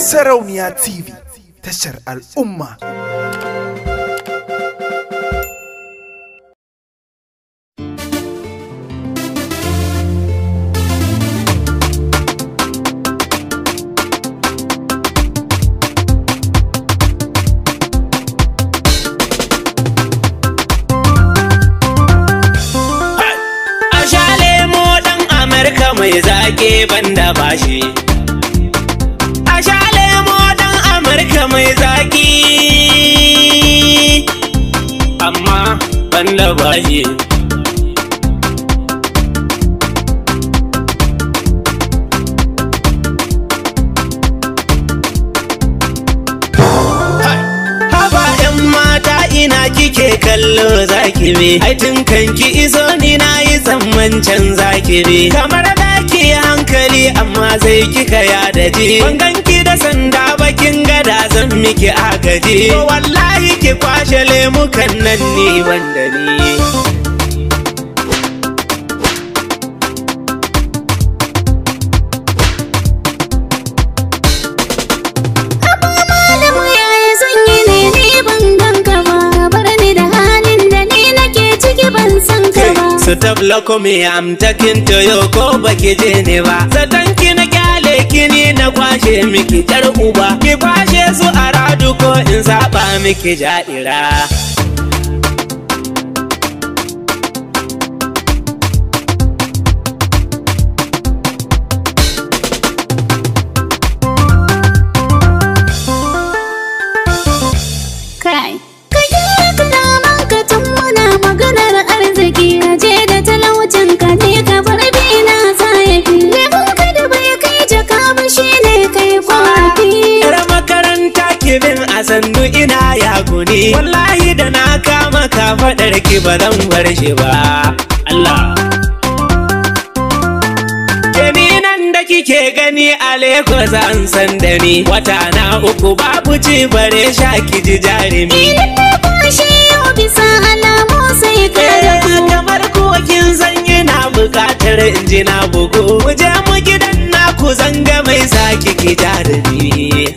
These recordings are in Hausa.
Sarauniya TV tashar al'umma. Ashale lemo ɗan Amurka mai zaƙe banda bashi. Ashale Barka mai zaki amma ban labaye. kallo zaki be ai tun kan ki iso ni na yi tsammancin zaki be kamar yi hankali amma sai kika ya ji ban ki da sanda bakin gada zan miki agaji wallahi ki kwashe lemukan nan ni wanda ni na block me I'm talking to you ko baki je ne ba zaton na kyale kini na kwashe miki jar uba ki kwashe su a radu ko in zaba miki ja'ira. tuni wallahi da na kama ka faɗar ki ba zan bar shi ba Allah nan da kike gani a Lagos an san da ni wata na uku babu ci bare sha ki ji jarumi shi na kwashe yau bisa alamu sai ka eh, kamar kokin zanyi na bukatar inji na bugu mu je mu gidan naku zanga mai saki ki jarumi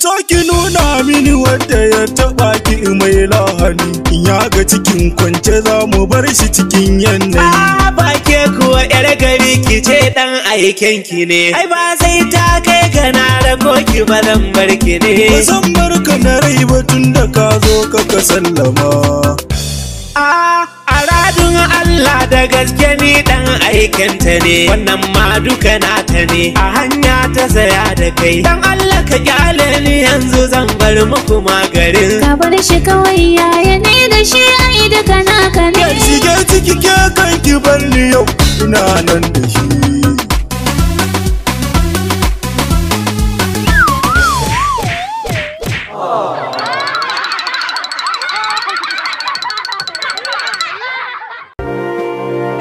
fito ki nuna mini wanda ya taba ki mai lahani in ya ga cikin kwance za mu bar shi cikin yanayi ba ke kuwa yar gari ki ce dan aikin ki ne ai ba sai ta kai ga na rako ki ba zan bar ne ba zan bar ka na rai ba tun da ka zo ka ka sallama a aradun Allah da gaske ni kanta ne wannan ma duka nata ne a hanya ta saya da kai dan Allah ka kyale ni yanzu zan bar muku magarin ka bar shi kawai yaya ne da shi ai duka naka ne shige ciki ke kan ki bar ni yau ina nan da shi